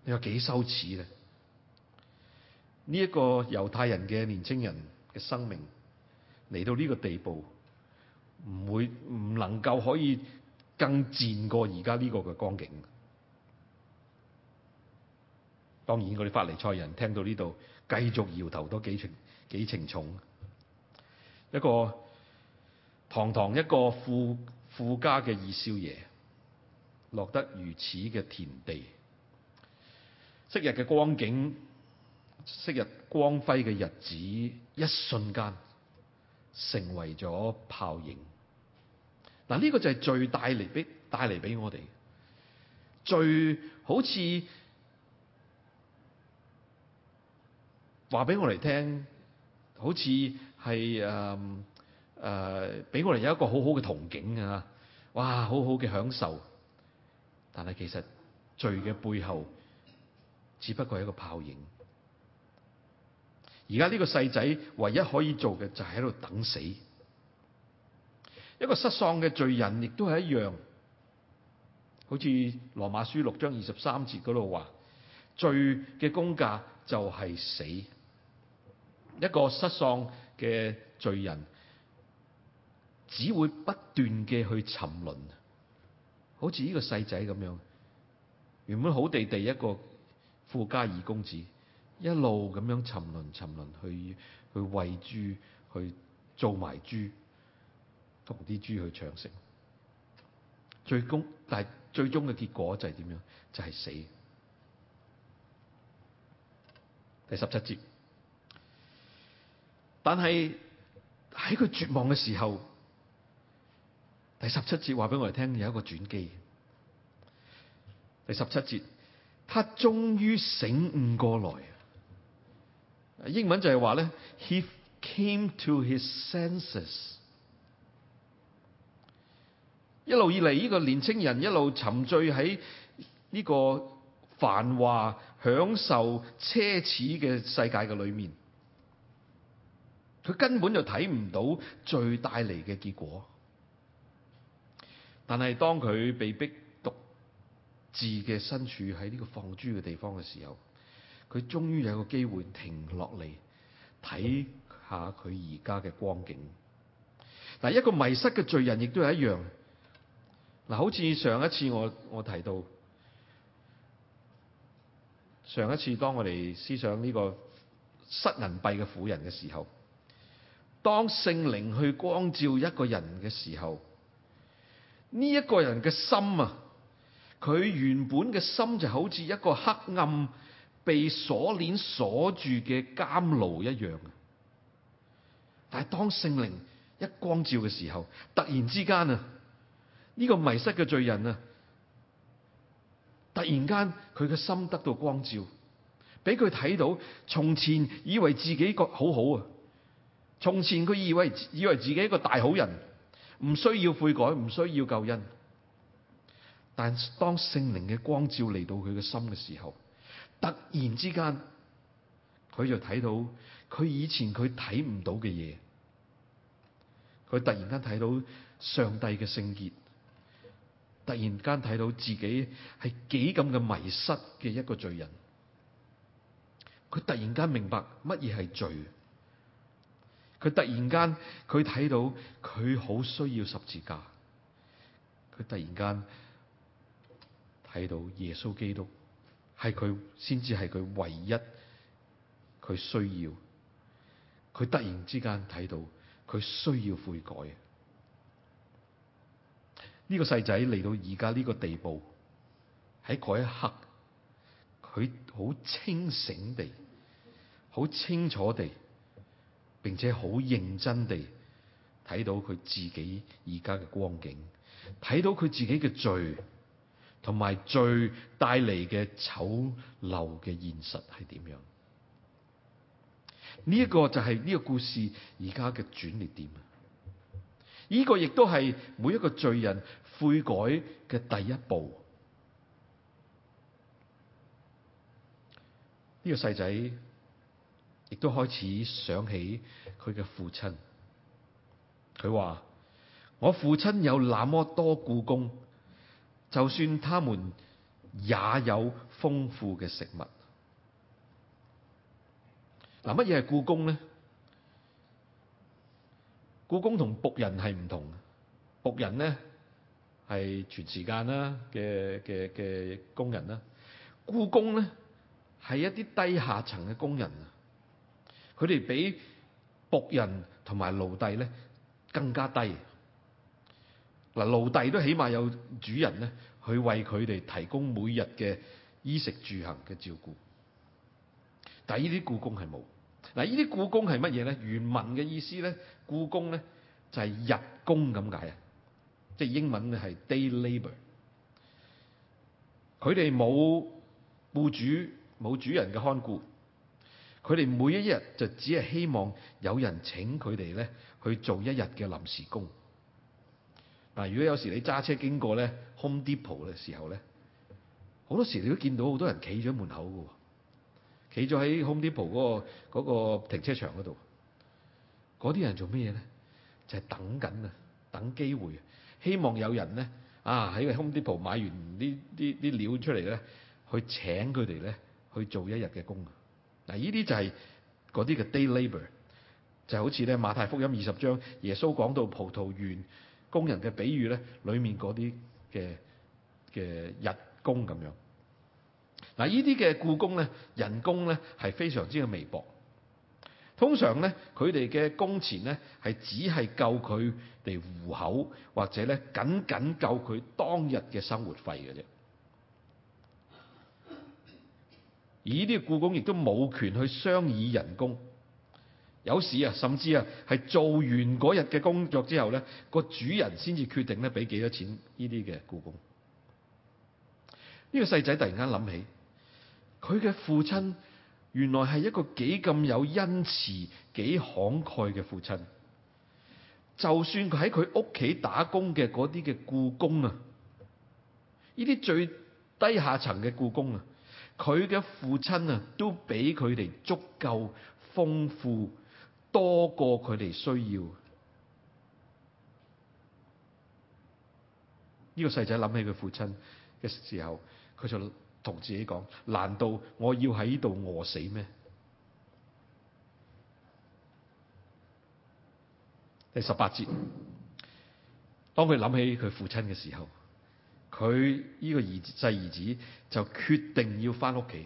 你話幾羞恥咧、啊？呢、這、一個猶太人嘅年青人嘅生命嚟到呢個地步，唔會唔能夠可以更賤過而家呢個嘅光景。當然，嗰啲法利賽人聽到呢度，繼續搖頭都幾情幾情重。一個堂堂一個富富家嘅二少爺，落得如此嘅田地，昔日嘅光景，昔日光輝嘅日子，一瞬間成為咗泡影。嗱，呢個就係最帶嚟俾帶嚟俾我哋，最好似話俾我哋聽，好似。係誒、誒，俾、呃呃、我哋有一個好好嘅同景啊！哇，好好嘅享受。但係其實罪嘅背後只不過係一個泡影。而家呢個細仔唯一可以做嘅就係喺度等死。一個失喪嘅罪人亦都係一樣，好似羅馬書六章二十三節嗰度話，罪嘅工價就係死。一個失喪嘅罪人，只會不斷嘅去沉淪，好似呢個細仔咁樣，原本好地地一個富家二公子，一路咁樣沉淪沉淪去去餵豬，去做埋豬，同啲豬去搶食，最終但係最終嘅結果就係點樣？就係死。第十七節。但係喺佢絕望嘅時候，第十七節話俾我哋聽有一個轉機。第十七節，他終於醒悟過來。英文就係話咧，He came to his senses。一路以嚟，呢個年青人一路沉醉喺呢個繁華、享受、奢侈嘅世界嘅裏面。佢根本就睇唔到罪帶嚟嘅結果，但係當佢被逼獨自嘅身處喺呢個放豬嘅地方嘅時候，佢終於有個機會停落嚟，睇下佢而家嘅光景。嗱，一個迷失嘅罪人亦都係一樣，嗱，好似上一次我我提到，上一次當我哋思想呢個失人幣嘅婦人嘅時候。當聖靈去光照一個人嘅時候，呢一個人嘅心啊，佢原本嘅心就好似一個黑暗，被鎖鏈鎖住嘅監牢一樣。但係當聖靈一光照嘅時候，突然之間啊，呢個迷失嘅罪人啊，突然間佢嘅心得到光照，俾佢睇到從前以為自己個好好啊。從前佢以為以為自己一個大好人，唔需要悔改，唔需要救恩。但當聖靈嘅光照嚟到佢嘅心嘅時候，突然之間，佢就睇到佢以前佢睇唔到嘅嘢。佢突然間睇到上帝嘅聖潔，突然間睇到自己係幾咁嘅迷失嘅一個罪人。佢突然間明白乜嘢係罪。佢突然間佢睇到佢好需要十字架，佢突然間睇到耶穌基督係佢先至係佢唯一佢需要，佢突然之間睇到佢需要悔改。啊。呢個細仔嚟到而家呢個地步，喺嗰一刻佢好清醒地，好清楚地。並且好認真地睇到佢自己而家嘅光景，睇到佢自己嘅罪，同埋罪帶嚟嘅醜陋嘅現實係點樣？呢一、嗯、個就係呢個故事而家嘅轉捩點。呢、這個亦都係每一個罪人悔改嘅第一步。呢、這個細仔。亦都開始想起佢嘅父親。佢話：我父親有那麼多僱工，就算他們也有豐富嘅食物。嗱，乜嘢係僱工咧？僱工同僕人係唔同。僕人咧係全時間啦嘅嘅嘅工人啦。僱工咧係一啲低下層嘅工人。佢哋比僕人同埋奴隸咧更加低。嗱奴隸都起碼有主人咧，去為佢哋提供每日嘅衣食住行嘅照顧。但係依啲僱工係冇。嗱呢啲僱工係乜嘢咧？原文嘅意思咧，僱工咧就係日工咁解啊，即係英文係 day labor。佢哋冇僱主冇主人嘅看顧。佢哋每一日就只係希望有人請佢哋咧去做一日嘅臨時工。嗱，如果有時你揸車經過咧，Home Depot 嘅時候咧，好多時你都見到好多人企咗門口嘅，企咗喺 Home Depot 嗰個停車場嗰度。嗰啲人做乜嘢咧？就係等緊啊，等機會，希望有人咧啊喺 Home Depot 買完呢啲啲料出嚟咧，去請佢哋咧去做一日嘅工啊！嗱，呢啲就係嗰啲嘅 day labour，就好似咧馬太福音二十章耶穌講到葡萄園工人嘅比喻咧，裡面嗰啲嘅嘅日工咁樣。嗱，呢啲嘅僱工咧，人工咧係非常之嘅微薄，通常咧佢哋嘅工錢咧係只係夠佢哋糊口，或者咧僅僅夠佢當日嘅生活費嘅啫。依啲僱工亦都冇權去商議人工，有時啊，甚至啊，係做完嗰日嘅工作之後咧，個主人先至決定咧，俾幾多錢呢啲嘅僱工。呢個細仔突然間諗起，佢嘅父親原來係一個幾咁有恩慈、幾慷慨嘅父親。就算佢喺佢屋企打工嘅嗰啲嘅僱工啊，呢啲最低下層嘅僱工啊。佢嘅父親啊，都俾佢哋足夠豐富，多過佢哋需要。呢個細仔諗起佢父親嘅時候，佢就同自己講：難道我要喺度餓死咩？第十八節，當佢諗起佢父親嘅時候。佢呢個兒細兒子就決定要翻屋企，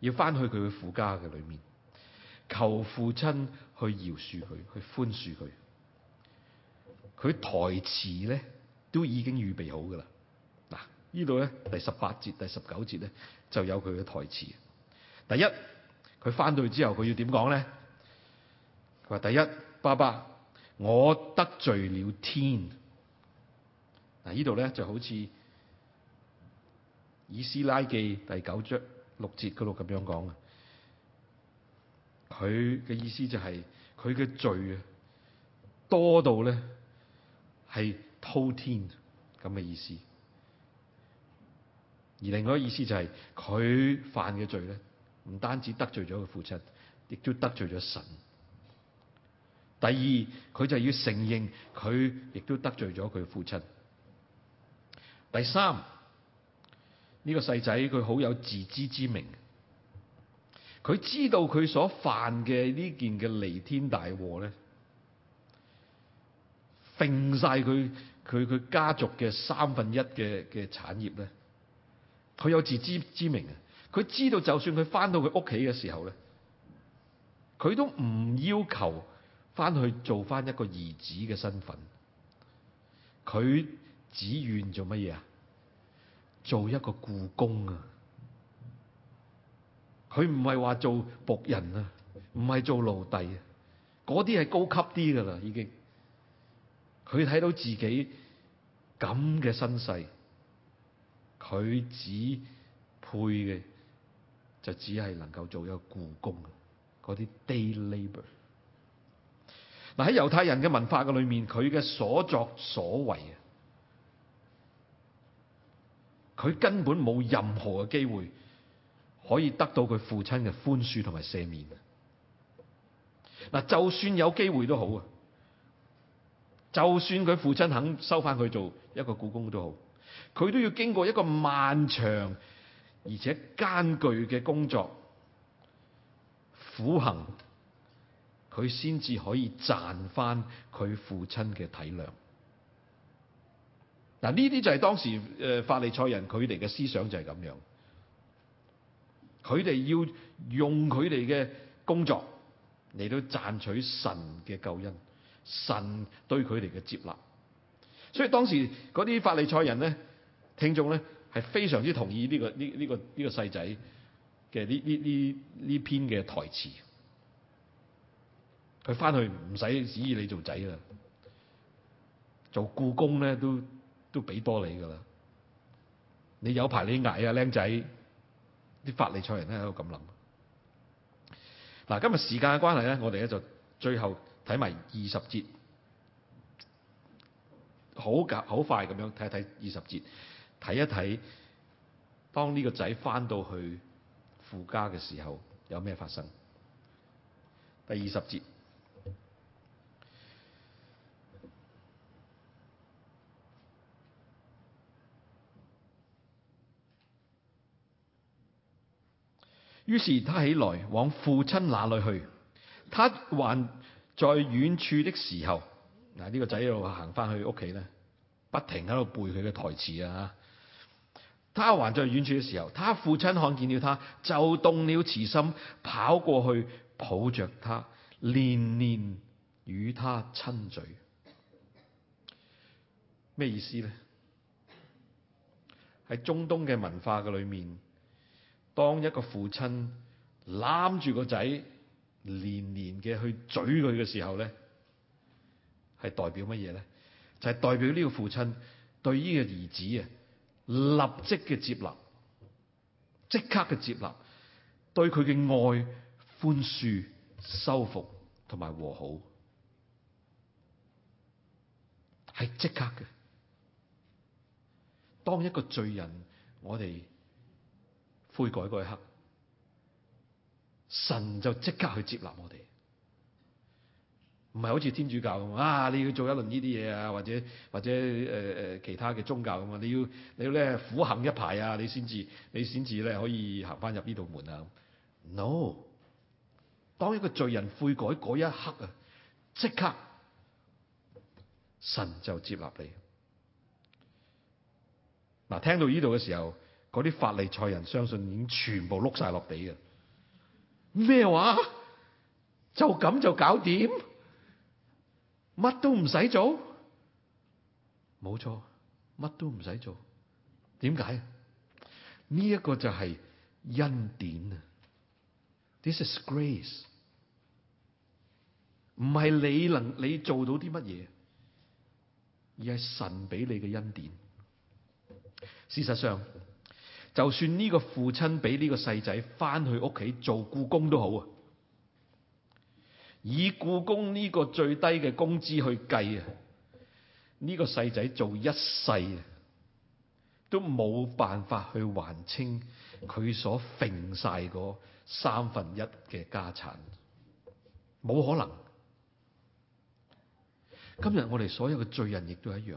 要翻去佢嘅父家嘅裏面，求父親去饒恕佢，去寬恕佢。佢台詞咧都已經預備好噶啦。嗱，呢度咧第十八節、第十九節咧就有佢嘅台詞。第一，佢翻到去之後，佢要點講咧？佢話：第一，爸爸，我得罪了天。嗱，呢度咧就好似以斯拉記第九章六節嗰度咁樣講嘅，佢嘅意思就係佢嘅罪啊多到咧係滔天咁嘅意思，而另外一個意思就係、是、佢犯嘅罪咧唔單止得罪咗佢父親，亦都得罪咗神。第二，佢就要承認佢亦都得罪咗佢父親。第三呢、呢個細仔佢好有自知之明，佢知道佢所犯嘅呢件嘅彌天大禍咧，揈晒佢佢佢家族嘅三分一嘅嘅產業咧，佢有自知之明啊！佢知道就算佢翻到佢屋企嘅時候咧，佢都唔要求翻去做翻一個兒子嘅身份，佢。只願做乜嘢啊？做一個僱工啊！佢唔係話做僕人啊，唔係做奴隸啊，啲係高級啲噶啦，已經。佢睇到自己咁嘅身世，佢只配嘅就只係能夠做一個僱工啊！嗰啲 day labor 嗱喺猶太人嘅文化嘅裏面，佢嘅所作所為。啊。佢根本冇任何嘅機會可以得到佢父親嘅寬恕同埋赦免啊！嗱，就算有機會都好啊，就算佢父親肯收翻佢做一個僱工都好，佢都要經過一個漫長而且艱巨嘅工作苦行，佢先至可以賺翻佢父親嘅體諒。嗱，呢啲就係當時誒，法利賽人佢哋嘅思想就係咁樣，佢哋要用佢哋嘅工作嚟到賺取神嘅救恩，神對佢哋嘅接納。所以當時啲法利賽人咧，聽眾咧係非常之同意呢、這個呢呢、這個呢、這個細仔嘅呢呢呢呢篇嘅台詞，佢翻去唔使指意你做仔啦，做僱工咧都。都俾多你噶啦！你有排你捱啊，僆仔！啲法利賽人咧喺度咁諗。嗱，今日時間嘅關係咧，我哋咧就最後睇埋二十節，好急好快咁樣睇一睇二十節，睇一睇當呢個仔翻到去父家嘅時候有咩發生。第二十節。於是他起來往父親那裏去。他還在遠處的時候，嗱，呢個仔一路行翻去屋企咧，不停喺度背佢嘅台詞啊！他還在遠處嘅時候，他父親看見了他，就動了慈心，跑過去抱着他，連連與他親嘴。咩意思咧？喺中東嘅文化嘅裏面。當一個父親攬住個仔，連連嘅去嘴佢嘅時候咧，係代表乜嘢咧？就係代表呢個父親對呢個兒子啊，立即嘅接納，即刻嘅接納，對佢嘅愛、寬恕、修復同埋和好，係即刻嘅。當一個罪人，我哋，悔改嗰一刻，神就即刻去接納我哋，唔係好似天主教咁啊！你要做一輪呢啲嘢啊，或者或者誒誒、呃、其他嘅宗教咁啊，你要你要咧苦行一排啊，你先至你先至咧可以行翻入呢度門啊！No，當一個罪人悔改一刻啊，即刻神就接納你。嗱，聽到呢度嘅時候。嗰啲法利賽人相信已經全部碌晒落地嘅。咩話？就咁就搞掂？乜都唔使做？冇錯，乜都唔使做。點解？呢一個就係恩典啊！This is grace。唔係你能你做到啲乜嘢，而係神俾你嘅恩典。事實上。就算呢個父親俾呢個細仔翻去屋企做僱工都好啊，以僱工呢個最低嘅工資去計啊，呢個細仔做一世啊，都冇辦法去還清佢所揈晒嗰三分一嘅家產，冇可能。今日我哋所有嘅罪人亦都一樣，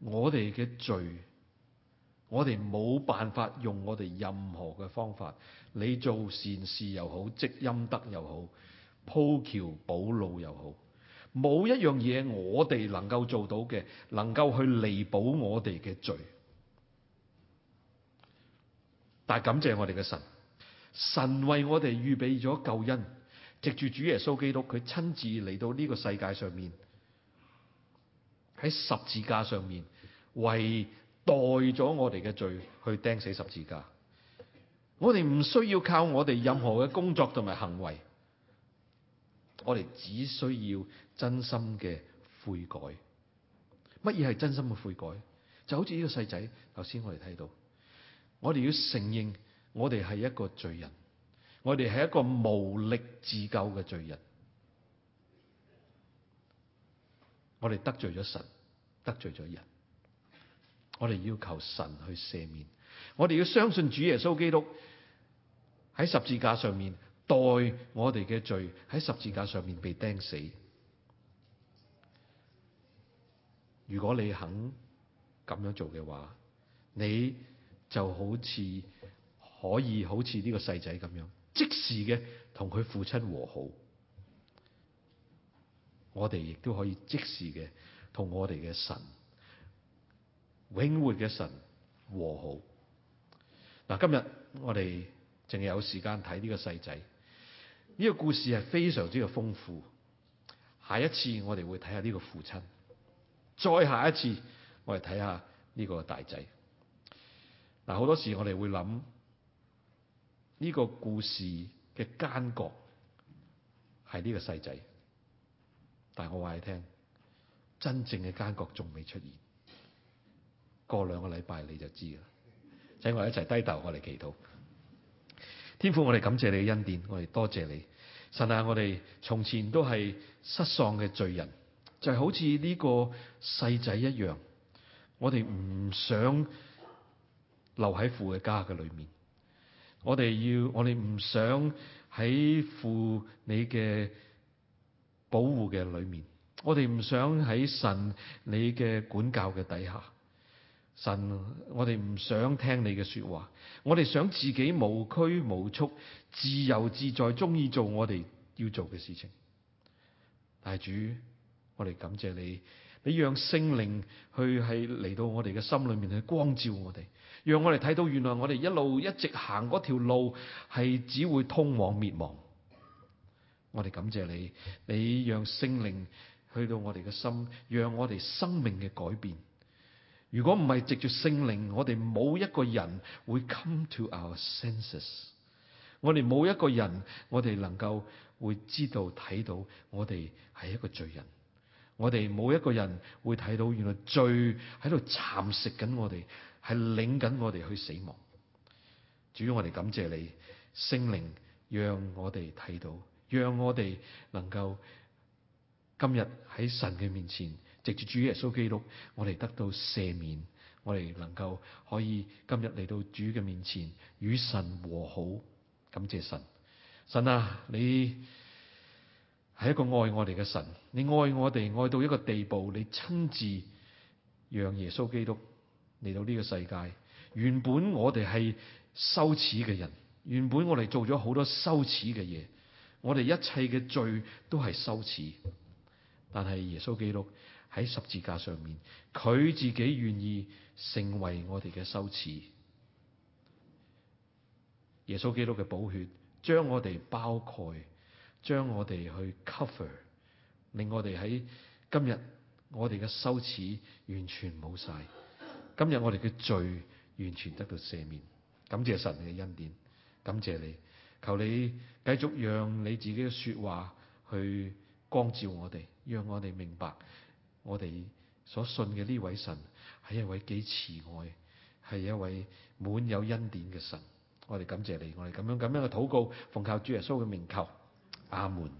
我哋嘅罪。我哋冇辦法用我哋任何嘅方法，你做善事又好，積陰德又好，鋪橋補路又好，冇一樣嘢我哋能夠做到嘅，能夠去彌補我哋嘅罪。但係感謝我哋嘅神，神為我哋預備咗救恩，藉住主耶穌基督，佢親自嚟到呢個世界上面，喺十字架上面為。代咗我哋嘅罪去釘死十字架，我哋唔需要靠我哋任何嘅工作同埋行為，我哋只需要真心嘅悔改。乜嘢係真心嘅悔改？就好似呢個細仔，頭先我哋睇到，我哋要承認我哋係一個罪人，我哋係一個無力自救嘅罪人，我哋得罪咗神，得罪咗人。我哋要求神去赦免，我哋要相信主耶穌基督喺十字架上面代我哋嘅罪，喺十字架上面被釘死。如果你肯咁樣做嘅話，你就好似可以好似呢個細仔咁樣即時嘅同佢父親和好，我哋亦都可以即時嘅同我哋嘅神，永活嘅神和好。嗱，今日我哋淨係有時間睇呢個細仔，呢個故事係非常之嘅豐富。下一次我哋會睇下呢個父親，再下一次我哋睇下呢個大仔。嗱，好多時我哋會諗呢個故事嘅奸角係呢個細仔，但係我話你聽，真正嘅奸角仲未出現。過兩個禮拜你就知啦，請我一齊低頭，我嚟祈禱。天父，我哋感謝你嘅恩典，我哋多謝你。神啊，我哋從前都係失喪嘅罪人，就係好似呢個細仔一樣，我哋唔想留喺父嘅家嘅裏面，我哋要，我哋唔想喺父你嘅保護嘅裏面，我哋唔想喺神你嘅管教嘅底下。神，我哋唔想聽你嘅說話，我哋想自己無拘無束，自由自在，中意做我哋要做嘅事情。但主，我哋感謝你，你讓聖靈去係嚟到我哋嘅心裏面去光照我哋，讓我哋睇到原來我哋一路一直行條路係只會通往滅亡。我哋感謝你，你讓聖靈去到我哋嘅心，讓我哋生命嘅改變。如果唔係藉住聖靈，我哋冇一個人會 come to our senses。我哋冇一個人，我哋能夠會知道睇到我哋係一個罪人。我哋冇一個人會睇到原來罪喺度蠶食緊我哋，係領緊我哋去死亡。主，我哋感謝你，聖靈讓我哋睇到，讓我哋能夠今日喺神嘅面前。藉住主耶穌基督，我哋得到赦免，我哋能夠可以今日嚟到主嘅面前，與神和好。感謝神，神啊，你係一個愛我哋嘅神，你愛我哋愛到一個地步，你親自讓耶穌基督嚟到呢個世界。原本我哋係羞恥嘅人，原本我哋做咗好多羞恥嘅嘢，我哋一切嘅罪都係羞恥，但係耶穌基督。喺十字架上面，佢自己願意成為我哋嘅羞恥。耶穌基督嘅寶血將我哋包蓋，將我哋去 cover，令我哋喺今日我哋嘅羞恥完全冇晒。今日我哋嘅罪完全得到赦免。感謝神你嘅恩典，感謝你，求你繼續讓你自己嘅說話去光照我哋，讓我哋明白。我哋所信嘅呢位神係一位幾慈愛，係一位滿有恩典嘅神。我哋感謝你，我哋咁樣咁樣嘅禱告，奉靠主耶穌嘅名求，阿門。